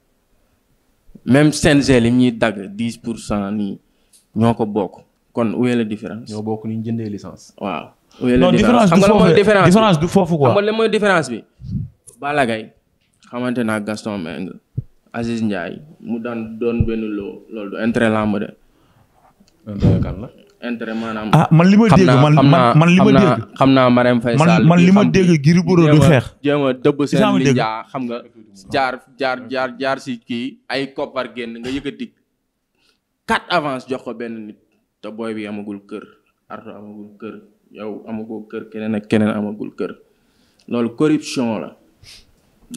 même CNG li ñuy dagg dix pour cent nii. ñoo ko bokk kon où est la différence. ñoo bokk ni ñu jëndee licence. waaw où est la différence du foofu quoi. xam nga la mooy différence mu daan doon benn loo loolu du intérêt lamb maanaam. ah man li ma dégg man man li xam naa Marème Faye man li ma dégg Gris Bordeaux du xeex. jéem dëbb seen linjaa xam nga jaar jaar jaar jaar si kii ay koppar génn nga yëkkati. quatre avance jox ko benn nit te booy bi amagul kër arto amagul kër yow amagul kër keneen ak keneen amagul kër loolu corruption la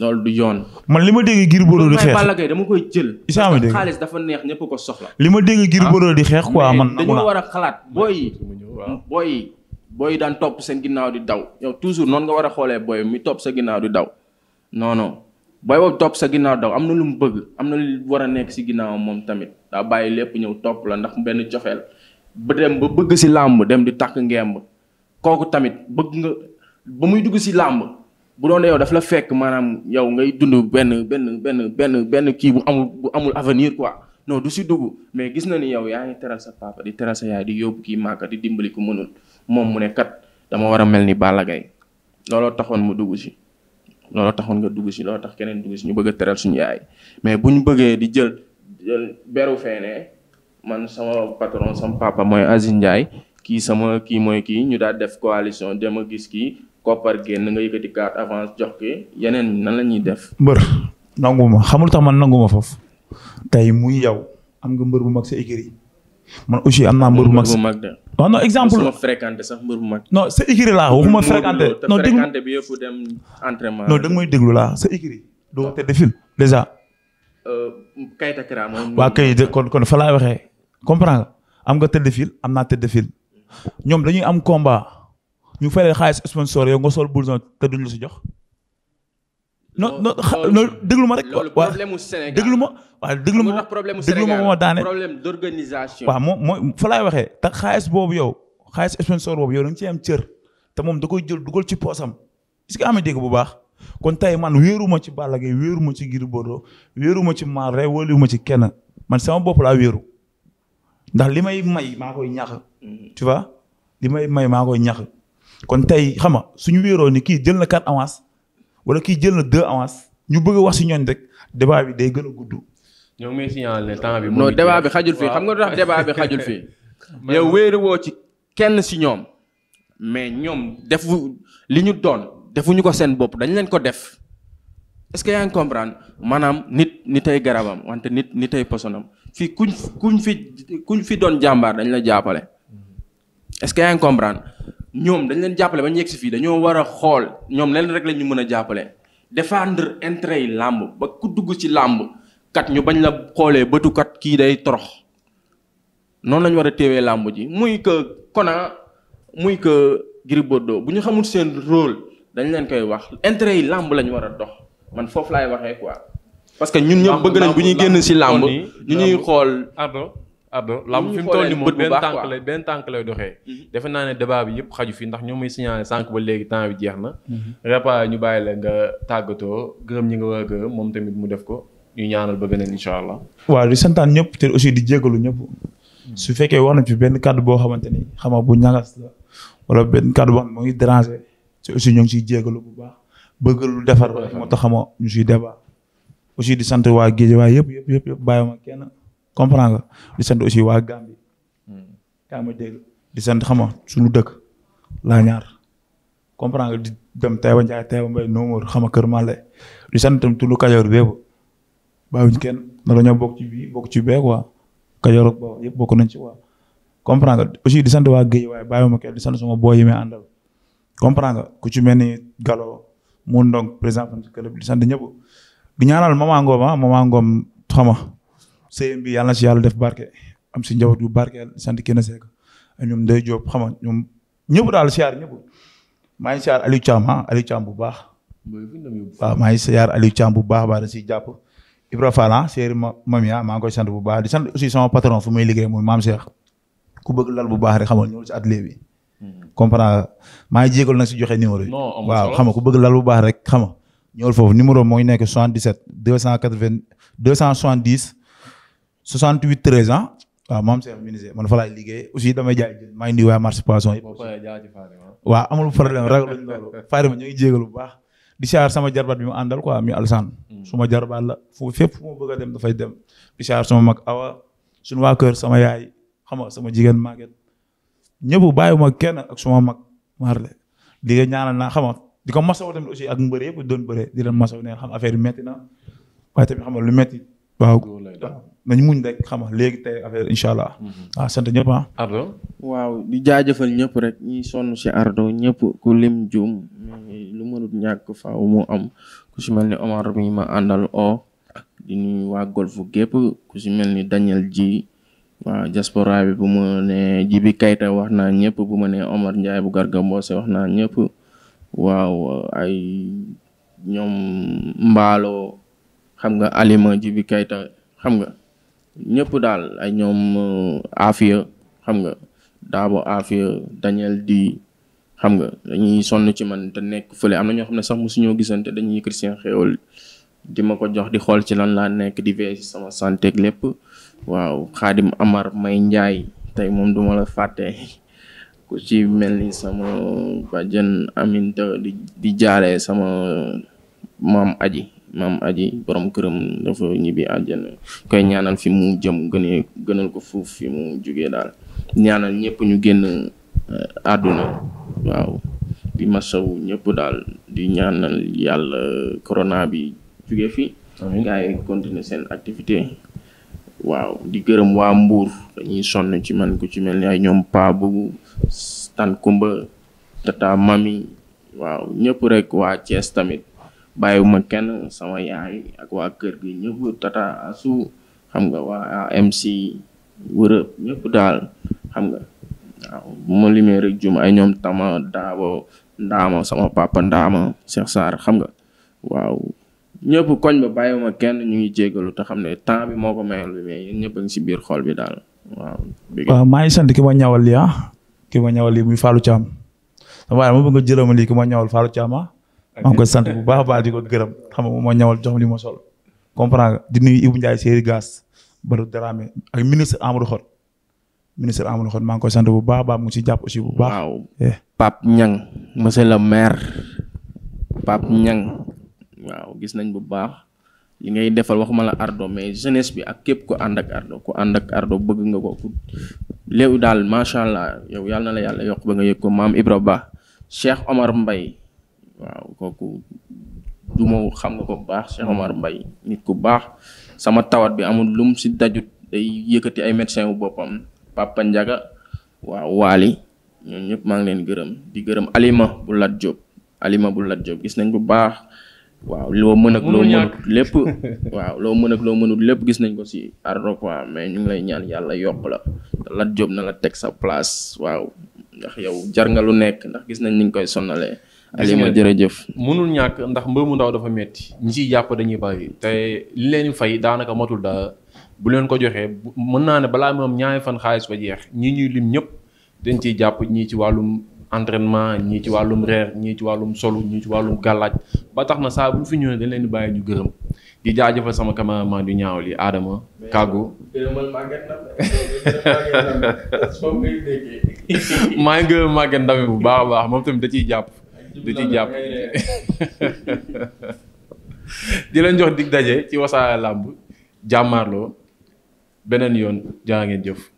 loolu du yoon. man li ma dégg Gris Bordeaux di xeex Balla Gaye koy jël. isa ma dégg dafa neex ñëpp ko soxla. li ma dégg Gris ah. Bordeaux di xeex quoi man. dañu war a xalaat booy yi booy yi booy yi daan topp seen ginnaaw di daw yow toujours noonu nga war a xoolee booy mi topp sa ginnaaw di daw non booy boobu topp sa ginnaaw daw am na lu mu bëgg am na lu war a nekk si ginnaaw moom tamit daa bàyyi lépp ñëw topp la ndax benn cofeel ba dem ba bëgg si làmb dem di takk ngemb kooku tamit bëgg nga ba muy dugg si làmb bu doon yow daf la fekk maanaam yow ngay dund benn benn benn benn benn kii bu amul bu amul avenir quoi noo du si dugg mais gis na ni yow yaa ngi teral sa papa di teral sa yaay di yóbbu kii màkka di dimbali ku mënul moom mu ne kat dama war a mel ni Balla looloo taxoon mu dugg si. tax taxoon nga duggu si loolu tax keneen dugg si ñu bëgg a suñu yaay mais bu ñu bëggee di jël jël beru feene man sama patron sama papa mooy Aziz Ndiaye kii sama kii mooy kii ñu daal def coalition dem a gis kii koppar génn nga yëkkati carte avance jox ki yeneen nan la ñuy def. mbër nanguma xamul tax man nanguma foofu tey muy yow am nga mbër bu mag sa écurie man aussi am naa mbër bu mag. non non exemple non fréquenté sax mbër bu mag. non sa écurie laa waxuma fréquenté. non dégg fréquenté bi dem entraînement. non da nga may déglu laa sa écurie. doo te defil déjà. Euh, kayit ak ra moom. waa kay kon kon fa laay waxee comprendre am nga tëdd fil am naa tëdd fil ñoom dañuy am combat ñu fay leen xaalis sponsor sol blouson te duñ la si jox. non non déglu ma rek. loolu problème mu Sénégal déglu ma. waaw déglu ma problème mu Sénégal ma daane problème d'organisation. waaw moom mooy fa laay waxee te boobu yow xaalis sponsor boobu yow da nga ciy am cër te moom da koy jël dugal ci poosam est-ce que amee dégg bu baax kon tey man wéeru ci Balla Gaye ma ci Gris Bordeaux wéeru ma ci Marley wóolu ma ci kenn man sama bopp laa wéeru ndax li may may maa ñax. Mm-hmm. tu vois li may may maa ñax kon tey xam nga suñu wéeroo ni kii jël na carte avance. wala kii jël na deux avance ñu bëgg wax si ñooñ rek débat bi day gën a gudd. ñoo ngi may signaler temps bi. non débat bi xajul fii xam nga tax débat bi xajul fii. yow wéeru woo ci kenn si ñoom. mais ñoom defu li ñu doon defuñu ko seen bopp dañ leen ko def est-ce que yaa ngi comprendre maanaam nit ni tey garabam wante nit ni tey posonam fii kuñ kuñ fi kuñ fi doon jàmbaar dañ la jàppale. est-ce que yaa ñoom dañ leen jàppale ba ñu yegg si fii dañoo war a xool ñoom leen rek la ñu mën a jàppale défendre intérêt yi làmb ba ku dugg ci làmb kat ñu bañ la xoolee bëtukat kii day torox noonu lañu war a téewee làmb ji muy que Kona muy que Gris Bordeaux bu ñu xamul seen rôle dañ leen koy wax intérêt yi làmb lañ war a dox man foofu lay waxee quoi parce que ñun ñëpp bëgg nañ bu ñuy génn si làmb ñu ñuy xool Ardo ah, lamb fi mu toll nii moom benn tànk lay benn tànk lay doxee. Mhm. defe naa ne débat bi yëpp xaju fi ndax ñoo muy signalé sànq ba léegi temps bi jeex na. Mhm. Répa ñu bàyyi la nga tàggatoo gërëm ñi nga war a gërëm moom tamit mu def ko ñu ñaanal ba beneen incha allah. waaw di santaan ñëpp te aussi di jégalu ñëpp. Mhm. su fekkee wax nañ fi benn kàddu boo xamante ni xam bu ñagas la wala benn kàddu boo xam ne moo ngi déranger te aussi ñoo ngi siy bu baax bëgg lu defar moo tax xam ñu di sant waa Géejawaay yëpp yëpp comprendre nga di sant aussi waa Gambie. Hmm. yaa ma di sant xama sunu dëkk laa ñaar comprendre nga di dem Taïba Ndiaye Taïba Mbaye Nomor xam nga Kër Malle di sant tamit tulu Kajoor bépp bàyyiwuñ kenn na dañoo bokk ci bii bokk ci bee quoi Kajoor ak Bawol yëpp bokk nañ ci quoi. comprendre nga aussi di sant waa Guèye waaye bàyyiwuma kenn di sant sama booy yi may àndal comprendre nga ku ci mel ni Gallo mu ndong président fan di sant ñëpp di ñaanal maman Ngom ah maman Ngom sëyam bi yàlla na si yàlla def barke am si njaboot yu barkeel sant kenn a ñoom Ndeye Diop xam nga ñoom ñëpp daal siyaar ñëpp maa ngi siyaar Aliou Thiam ah bu baax. waaw maa ngi siyaar Aliou Thiam bu baax baax da jàpp. Ibra Fall ah séeri ma mami ah maa ngi koy sant bu baax di sant aussi sama patron fu muy liggéey muy maam Cheikh ku bëgg lal bu baax rek xam nga si atelier bi. Hmm. comprendre maa ngi jégalu nag si joxe numéro yi. waaw xam ku bëgg lal bu baax rek xam nga foofu numéro mooy 68 13 ans waaw maam Cheikh ministre man fa laay liggéey aussi damay jaay jën maa ngi nuyu waa participation yi. waaw amul problème ragaluñ loolu. Faare ma ñu ngi jégalu bu baax. di siyaar sama jarbaat bi mu ko quoi mi Alsaan. Hmm. su ma jarbaat la fu fépp fu ma bëgg a dem dafay dem. di siyaar sama mag awa suñu waa kër sama yaay xam nga sama jigéen màgget ñëpp bàyyiwuma kenn ak suma mag Marley di nga ñaanal naa xam nga di ko masawu dem aussi ak mbër yëpp doon bëre di leen masawu ne xam affaire yi métti na waaye tamit xam nga lu métti. waaw nañ muñ rek xam nga léegi tey affaire incha allah. Mm-hmm. ah sant ah. waaw di jaajëfal ñëpp rek ñi sonn si Ardo ñëpp ku lim juum lu mënut ñàkk faw mu am ku si mel ni Omar mi ma àndal o di waa golf gépp ku si mel ni Daniel ji waa diaspora bi bu ma nee wax naa ñëpp bu ma nee Omar Ndiaye bu Garga Mbossé wax naa ñëpp waaw ñoom mbaalo xam nga alima Jibi Kayta xam nga. ñëpp daal ay ñoom euh, Afia xam nga Daabo Afia Daniel di xam nga dañuy sonn ci man te nekk fële am na ñoo xam ne sax mosuñoo gisante dañuy seen xéwal di ma ko jox di xool ci lan laa nekk di veillé sama santé ak lépp waaw xaadim Amar May Njaay tey moom duma la fàtte ku ci mel ni sama bàjjen Aminta di di jaaree sama maam aji maam aji borom këram dafa ñibbi àjjana koy ñaanal fi mu jëm gënee gënal ko fuuf fi mu jógee daal ñaanal ñëpp ñu génn eh, àdduna waaw di masawu ñëpp daal di ñaanal yàlla corona bi jóge fi gars yi seen activité waaw di gërëm waa mbuur dañuy sonn ci man ku ci mel ni ay ñoom pa bugu tan kumba tata mami waaw ñëpp rek waa Thiès tamit bàyyiwuma kenn sama yaay ak waa kër gi ñëpp tata asu xam nga waa MC wërëb ñëpp daal xam nga waaw bu ma limee ay ñoom tama daabo ndaama sama papa ndaama Cheikh Sarr xam nga waaw ñëpp koñ ba bàyyiwuma kenn ñu ngi jégalu te xam ne temps bi moo ko mayal bi mais yéen ñëpp si biir xool bi daal waaw. waaw maa ngi sant ki ma ñawal lii ah. ki ma ñawal lii muy ma bëgg nga ki ma ñawal Fallou Thiam ah. maa ngi koy sant bu baax a baax di ko gërëm xam nga moom moo ñawal jox li ma sol comprendre nga di nuyu Ibou Ndiaye Séeri Gaas Badou Dramé ak ministre Amadou Xot ministre Amadou Xot maa ngi koy sant bu baax a baax mu ngi si jàpp aussi bu baax. waaw eh. Pape Niang le maire Pape ñaŋ waaw gis nañ bu baax. li ngay defal waxuma la ardo mais jeunesse bi ak képp ku ànd ak ardo ku ànd ak ardo bëgg nga ko ku léew daal macha allah yow yàlla na la yàlla yokk ba nga yëg ko maam Ibra Ba Cheikh Omar mbay waaw kooku du ma xam nga ko bu baax Cheikh Omar Mbaye nit ku baax sama tawat bi amul lum si dajut day yëkkati ay médecin bu boppam Papa Ndiaga waaw Waly ñoom ñëpp maa ngi leen gërëm di gërëm Alima bu Lat Alima bu Lat Diop gis nañ bu baax waaw loo mën ak loo mënut lépp <laughs> waaw loo mën ak loo mënut lépp gis nañ ko si Ardo mais ñu ngi lay ñaan yàlla yokk la te Lat Diop na la teg sa place waaw ndax yow jar nga lu nekk ndax gis nañ ni koy sonnalee Alima jërëjëf mënul ñàkk ndax mu ndaw dafa metti ñi ciy jàpp dañuy bari te li leen fay daanaka matul dara bu leen ko joxee mën naa ne balaa moom ñaari fan xaalis ba jeex ñi ñuy lim ñëpp dañ ciy jàpp ñii ci wàllum entraînement ñii ci wàllum ñii ci wàllum solu ci wàllum gàllaaj ba tax na saa bu fi ñëwee leen di bàyyi ñu gërëm di jaajëfal sama cameraman du ñaaw li Adama Kaggu. <laughs> <laughs> maa ngi gërëm Maguette Ndame bu baax a baax moom tamit da ciy jàpp. du ci jàpp <laughs> di leen jox dig daje ci wasaare làmb jàmmaarloo beneen yoon jaa ngeen jëf.